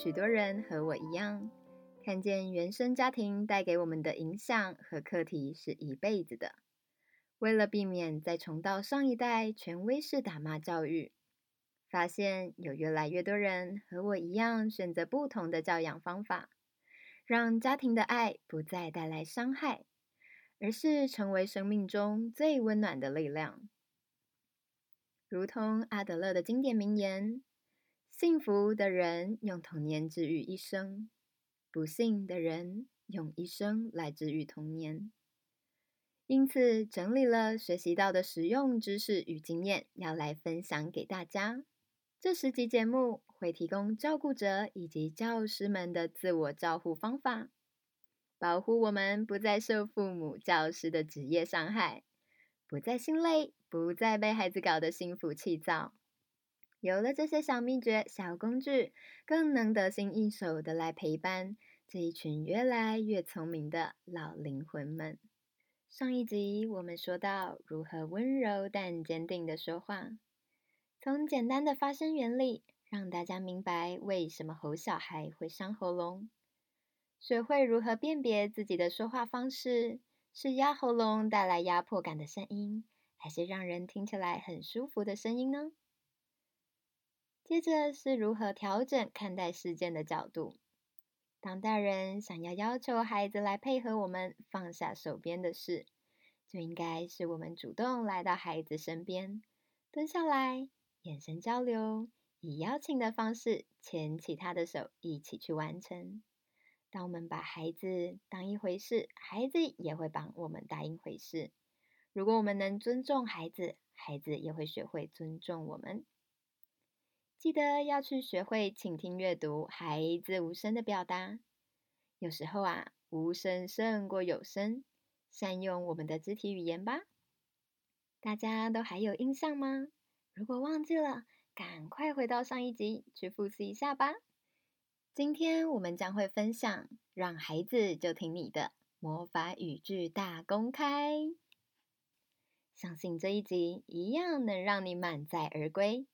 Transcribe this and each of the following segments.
許多人和我一樣，看見原生家庭帶給我們的影響和課題是一輩子的。為了避免再重蹈上一代權威式打罵教育，發現有越來越多人和我一樣選擇不同的教養方法，讓家庭的愛不再帶來傷害，而是成為生命中最溫暖的力量。如同阿德勒的經典名言。幸福的人用童年治癒一生，不幸的人用一生來治癒童年。因此，整理了學習到的實用知識與經驗，要來分享給大家。這十集節目會提供照顧者以及教師們的自我照護方法，保護我們不再受父母、教師的職業傷害，不再心累，不再被孩子搞得心浮氣躁。有了這些小秘訣、小工具，更能得心應手的來陪伴這一群越來越聰明的老靈魂們。上一集我們說到如何溫柔但堅定的說話，從簡單的發聲原理，讓大家明白為什麼吼小孩會傷喉嚨，學會如何辨別自己的說話方式，是壓喉嚨帶來壓迫感的聲音，還是讓人聽起來很舒服的聲音呢？接着是如何調整看待事件的角度。當大人想要要求孩子來配合我們放下手邊的事，就應該是我們主動來到孩子身邊，蹲下來，眼神交流，以邀請的方式牽起他的手，一起去完成。當我們把孩子當一回事，孩子也會幫我們當一回事。如果我們能尊重孩子，孩子也會學會尊重我們。記得要去學會傾聽、閱讀孩子無聲的表達。有時候啊，無聲勝過有聲。善用我們的肢體語言吧。大家都還有印象嗎？如果忘記了，趕快回到上一集去複習一下吧。今天我們將會分享，讓孩子就聽你的魔法語句大公開。相信這一集一樣能讓你滿載而歸。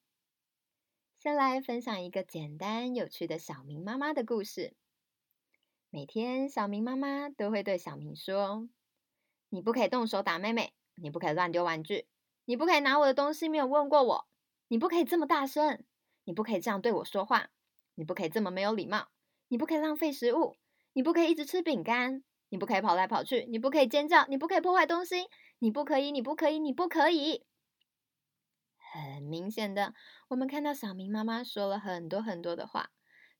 先來分享一個簡單有趣的小明媽媽的故事。每天，小明媽媽都會對小明說：“你不可以動手打妹妹，你不可以亂丟玩具，你不可以拿我的東西沒有問過我，你不可以這麼大聲，你不可以這樣對我說話，你不可以這麼沒有禮貌，你不可以浪費食物，你不可以一直吃餅乾，你不可以跑來跑去，你不可以尖叫，你不可以破壞東西，你不可以，你不可以，你不可以，你不可以。”很明顯的。我們看到小明媽媽說了很多很多的話，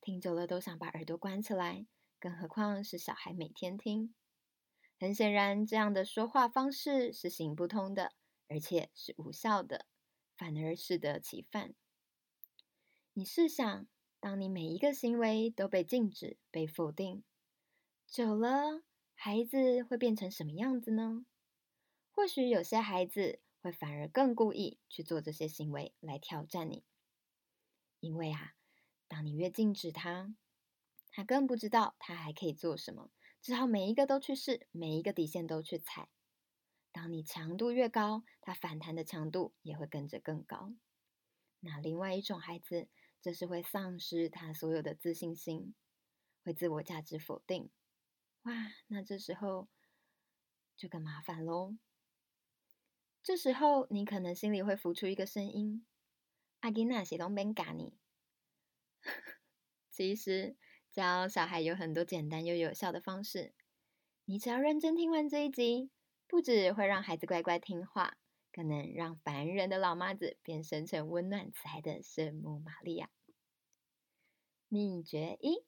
聽久了都想把耳朵關起來，更何況是小孩每天聽。很顯然，這樣的說話方式是行不通的，而且是無效的，反而適得其反。你試想，當你每一個行為都被禁止、被否定，久了，孩子會變成什麼樣子呢？或許有些孩子……會反而更故意去做這些行為來挑戰你，因為啊，當你越禁止他，他更不知道他還可以做什麼，只好每一個都去試，每一個底線都去踩。當你強度越高，他反彈的強度也會跟着更高。那另外一種孩子，就是會喪失他所有的自信心，會自我價值否定。哇，那這時候就更麻煩嘍。這時候，你可能心裡會浮出一個聲音：“阿吉娜，寫東邊嘎你。 ”其實，教小孩有很多簡單又有效的方式。你只要認真聽完這一集，不止會讓孩子乖乖聽話，更能讓煩人的老媽子變身成溫暖慈愛的聖母瑪利亞。秘訣一：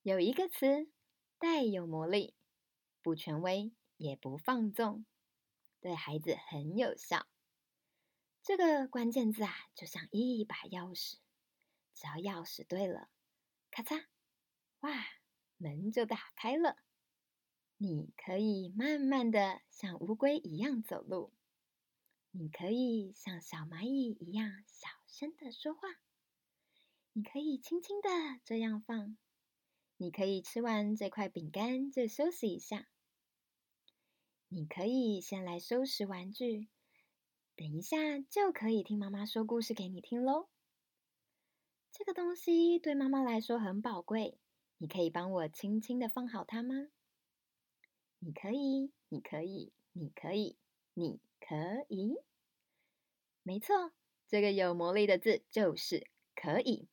有一個詞帶有魔力，不權威也不放縱。對孩子很有效。這個關鍵字啊，就像一把鑰匙，只要鑰匙對了，咔嚓，哇，門就打開了。你可以慢慢的像烏龜一樣走路，你可以像小螞蟻一樣小聲的說話，你可以輕輕的這樣放，你可以吃完這塊餅乾就休息一下。你可以先來收拾玩具，等一下就可以聽媽媽說故事給你聽嘍。這個東西對媽媽來說很寶貴，你可以幫我輕輕的放好它嗎？你可以，你可以，你可以，你可以。沒錯，這個有魔力的字就是“可以”。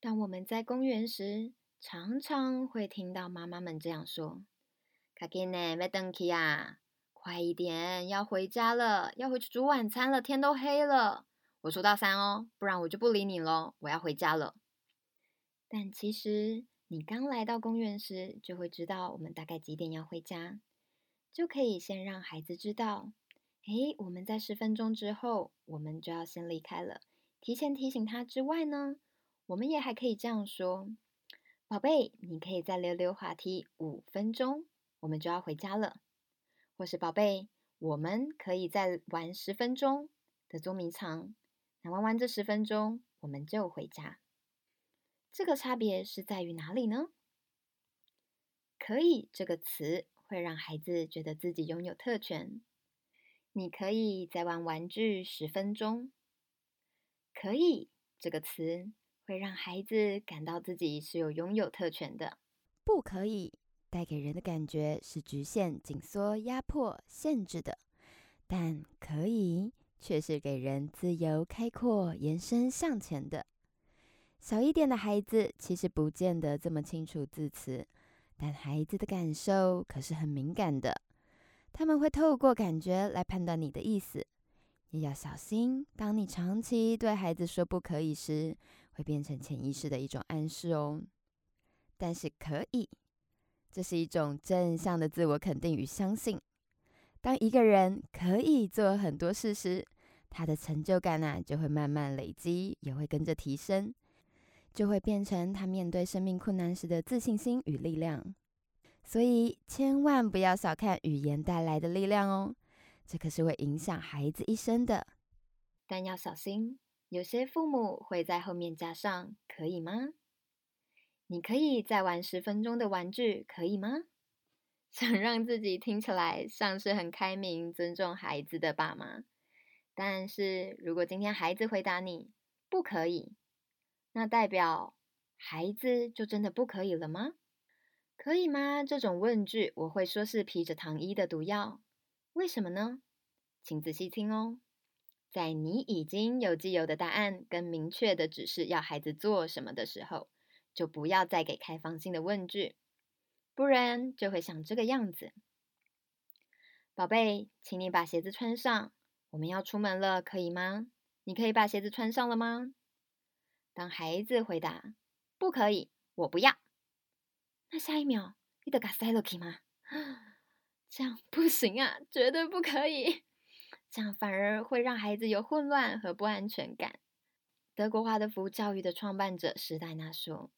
當我們在公園時，常常會聽到媽媽們這樣說：“卡基內麥登去啊！”快一點，要回家了，要回去煮晚餐了，天都黑了。我說到三哦，不然我就不理你了，我要回家了。但其實你剛來到公園時，就會知道我們大概幾點要回家，就可以先讓孩子知道。誒，我們在十分鐘之後，我們就要先離開了。提前提醒他之外呢，我們也還可以這樣說：寶貝，你可以再溜溜滑梯五分鐘，我們就要回家了。我是寶貝，我們可以再玩十分鐘的捉迷藏。那玩完這十分鐘，我們就回家。這個差別是在於哪裡呢？“可以”這個詞會讓孩子覺得自己擁有特權。你可以再玩玩具十分鐘。“可以”這個詞會讓孩子感到自己是有擁有特權的。不可以。帶給人的感覺是局限、緊縮、壓迫、限制的，但可以卻是給人自由、開闊、延伸、向前的。小一點的孩子其實不見得這麼清楚字詞，但孩子的感受可是很敏感的，他們會透過感覺來判斷你的意思。你要小心，當你長期對孩子說不可以時，會變成潛意識的一種暗示哦。但是可以。這是一種正向的自我肯定與相信。當一個人可以做很多事時，他的成就感呢、啊、就會慢慢累積，也會跟着提升，就會變成他面對生命困難時的自信心與力量。所以千萬不要小看語言帶來的力量哦，這可是會影響孩子一生的。但要小心，有些父母會在後面加上“可以嗎”。你可以再玩十分鐘的玩具，可以嗎？想讓自己聽起來像是很開明、尊重孩子的爸媽，但是如果今天孩子回答你不可以，那代表孩子就真的不可以了嗎？可以嗎？這種問句我會說是披着糖衣的毒藥。為什麼呢？請仔細聽哦。在你已經有既有的答案跟明確的指示要孩子做什麼的時候。就不要再給開放性的問句，不然就會像這個樣子。寶貝，請你把鞋子穿上，我們要出門了，可以嗎？你可以把鞋子穿上了嗎？當孩子回答“不可以，我不要”，那下一秒你得給塞羅奇嗎？這樣不行啊，絕對不可以，這樣反而會讓孩子有混亂和不安全感。德國華德福教育的創辦者施戴納說。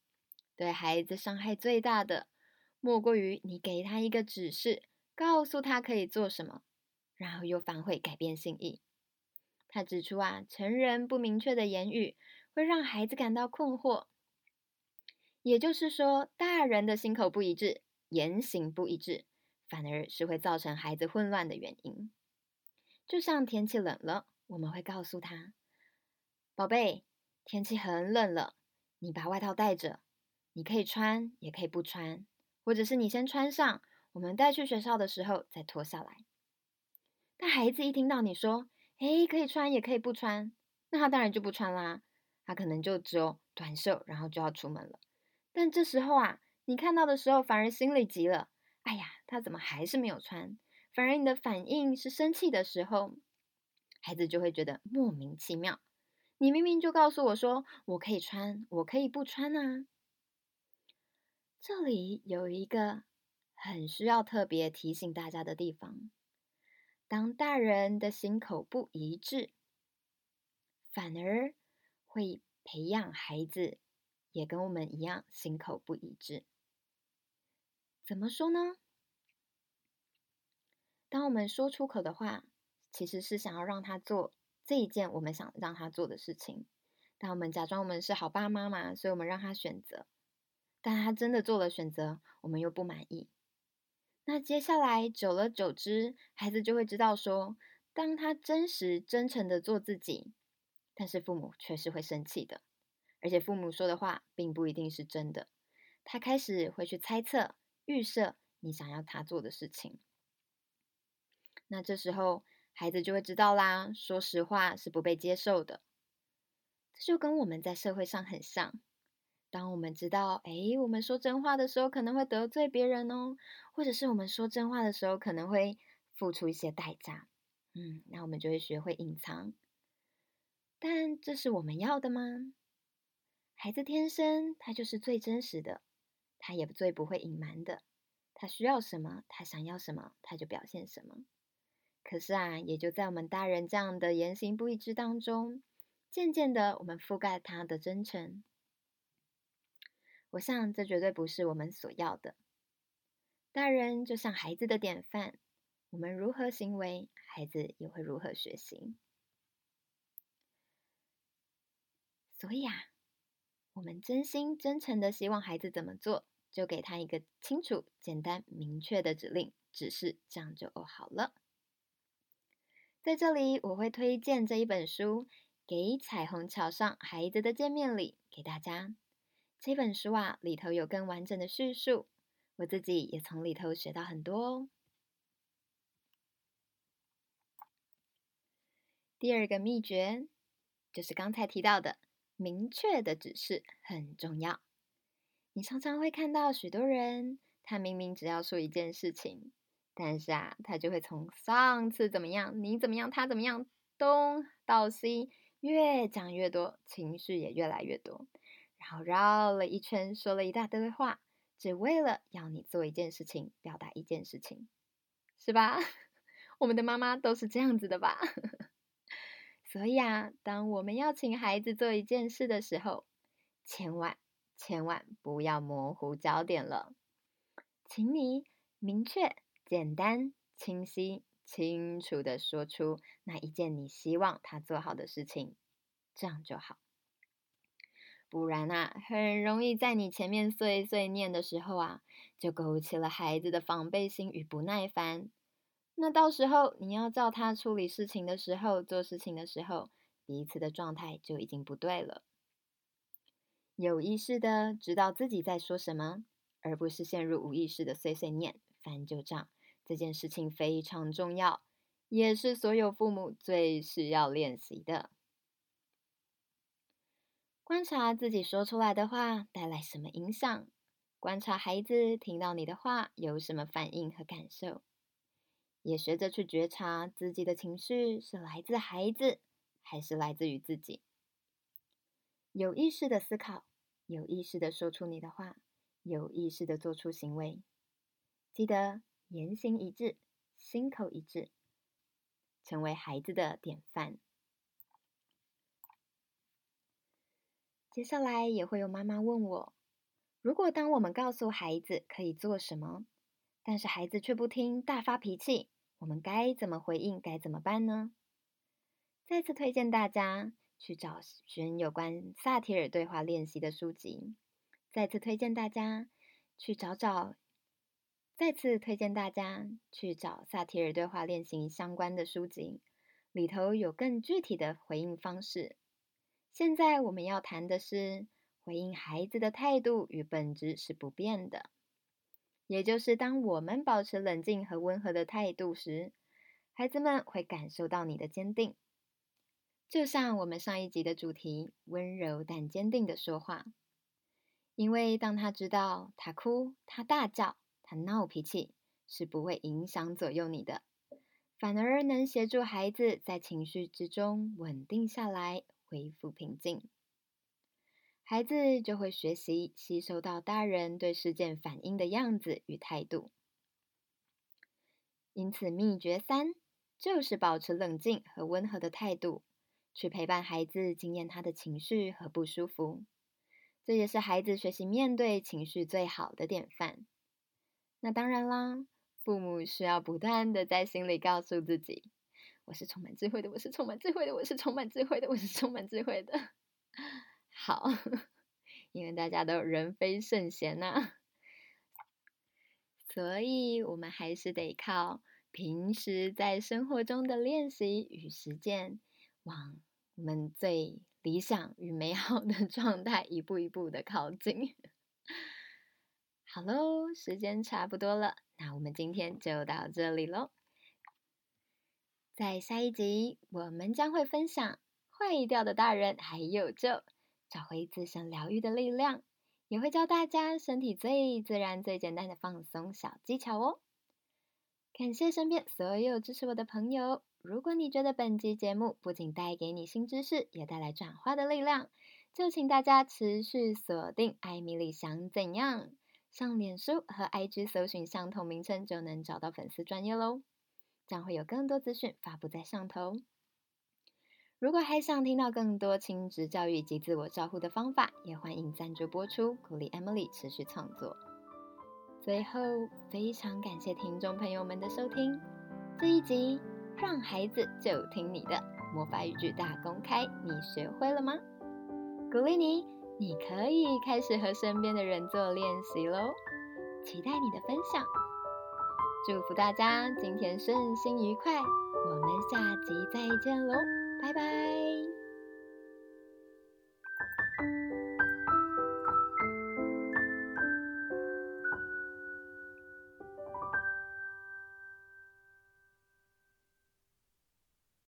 對孩子傷害最大的，莫過於你給他一個指示，告訴他可以做什麼，然後又反悔改變心意。他指出啊，成人不明確的言語會讓孩子感到困惑。也就是說，大人的心口不一致，言行不一致，反而是會造成孩子混亂的原因。就像天氣冷了，我們會告訴他：“寶貝，天氣很冷了，你把外套帶着。”你可以穿，也可以不穿，或者是你先穿上，我們帶去學校的時候再脫下來。但孩子一聽到你說“誒可以穿也可以不穿”，那他當然就不穿啦啊。他可能就只有短袖，然後就要出門了。但這時候啊，你看到的時候反而心裡急了：“哎呀，他怎麼還是沒有穿？”反而你的反應是生氣的時候，孩子就會覺得莫名其妙。你明明就告訴我說“我可以穿，我可以不穿”啊。這裡有一個很需要特別提醒大家的地方：當大人的心口不一致，反而會培養孩子也跟我們一樣心口不一致。怎麼說呢？當我們說出口的話，其實是想要讓他做這一件我們想讓他做的事情，但我們假裝我們是好爸爸媽媽，所以我們讓他選擇。但他真的做了選擇，我們又不滿意。那接下來，久而久之，孩子就會知道說，當他真實、真誠的做自己，但是父母卻是會生氣的，而且父母說的話並不一定是真的。他開始會去猜測、預設你想要他做的事情。那這時候，孩子就會知道啦，說實話是不被接受的。這就跟我們在社會上很像。當我們知道，哎，我們說真話的時候可能會得罪別人哦，或者是我們說真話的時候可能會付出一些代價，嗯，那我們就會學會隱藏。但這是我們要的嗎？孩子天生他就是最真實的，他也最不會隱瞞的。他需要什麼，他想要什麼，他就表現什麼。可是啊，也就在我們大人這樣的言行不一致當中，漸漸的，我們覆蓋他的真誠。我想，這絕對不是我們所要的。大人就像孩子的典範，我們如何行為，孩子也會如何學習。所以啊，我們真心真誠的希望孩子怎麼做，就給他一個清楚、簡單、明確的指令，只是這樣就好了。在這裡，我會推薦這一本書《給彩虹橋上孩子的見面禮》給大家。這本書啊，裡頭有更完整的敘述，我自己也從裡頭學到很多哦。第二個秘訣就是剛才提到的，明確的指示很重要。你常常會看到許多人，他明明只要說一件事情，但是啊，他就會從上次怎麼樣，你怎麼樣，他怎麼樣，東到西，越講越多，情緒也越來越多。然後繞了一圈，說了一大堆話，只為了要你做一件事情，表達一件事情，是吧？ 我們的媽媽都是這樣子的吧？ 所以啊，當我們要請孩子做一件事的時候，千萬千萬不要模糊焦點了，請你明確、簡單、清晰、清楚地說出那一件你希望他做好的事情，這樣就好。不然啊，很容易在你前面碎碎念的時候啊，就勾起了孩子的防備心與不耐煩。那到時候你要叫他處理事情的時候、做事情的時候，彼此的狀態就已經不對了。有意識的知道自己在說什麼，而不是陷入無意識的碎碎念、翻舊賬，這件事情非常重要，也是所有父母最需要練習的。觀察自己說出來的話帶來什麼影響，觀察孩子聽到你的話有什麼反應和感受，也學着去覺察自己的情緒是來自孩子，還是來自於自己。有意識的思考，有意識的說出你的話，有意識的做出行為，記得言行一致，心口一致，成為孩子的典範。接下來也會有媽媽問我，如果當我們告訴孩子可以做什麼，但是孩子卻不聽，大發脾氣，我們該怎麼回應？該怎麼辦呢？再次推薦大家去找尋有關薩提爾對話練習的書籍。再次推薦大家去找找。再次推薦大家去找薩提爾對話練習相關的書籍，裡頭有更具體的回應方式。現在我們要談的是，回應孩子的態度與本質是不變的，也就是當我們保持冷靜和溫和的態度時，孩子們會感受到你的堅定。就像我們上一集的主題——溫柔但堅定的說話，因為當他知道他哭、他大叫、他鬧脾氣是不會影響左右你的，反而能協助孩子在情緒之中穩定下來。恢復平靜，孩子就會學習吸收到大人對事件反應的樣子與態度。因此，秘訣三就是保持冷靜和溫和的態度，去陪伴孩子，經驗他的情緒和不舒服。這也是孩子學習面對情緒最好的典範。那當然啦，父母需要不斷地在心裡告訴自己。我是充滿智慧的，我是充滿智慧的，我是充滿智慧的，我是充滿智慧的。好，因為大家都人非聖賢吶，所以我們還是得靠平時在生活中的練習與實踐，往我們最理想與美好的狀態一步一步的靠近。好嘍，時間差不多了，那我們今天就到這裡嘍。在下一集，我們將會分享，壞掉的大人還有救，找回自身療癒的力量，也會教大家身體最自然、最簡單的放鬆小技巧哦。感謝身邊所有支持我的朋友，如果你覺得本期節目不僅帶給你新知識，也帶來轉化的力量，就請大家持續鎖定艾米麗想怎樣，上臉書和 IG 搜尋相同名稱就能找到粉絲專頁嘍。將會有更多資訊發布在上頭。如果還想聽到更多親子教育及自我照顧的方法，也歡迎贊助播出鼓勵 Emily 持續創作。最後，非常感謝聽眾朋友們的收聽，這一集讓孩子就聽你的魔法語句大公開，你學會了嗎？鼓勵你，你可以開始和身邊的人做練習嘍，期待你的分享。祝福大家今天順心愉快，我們下集再見嘍，拜拜。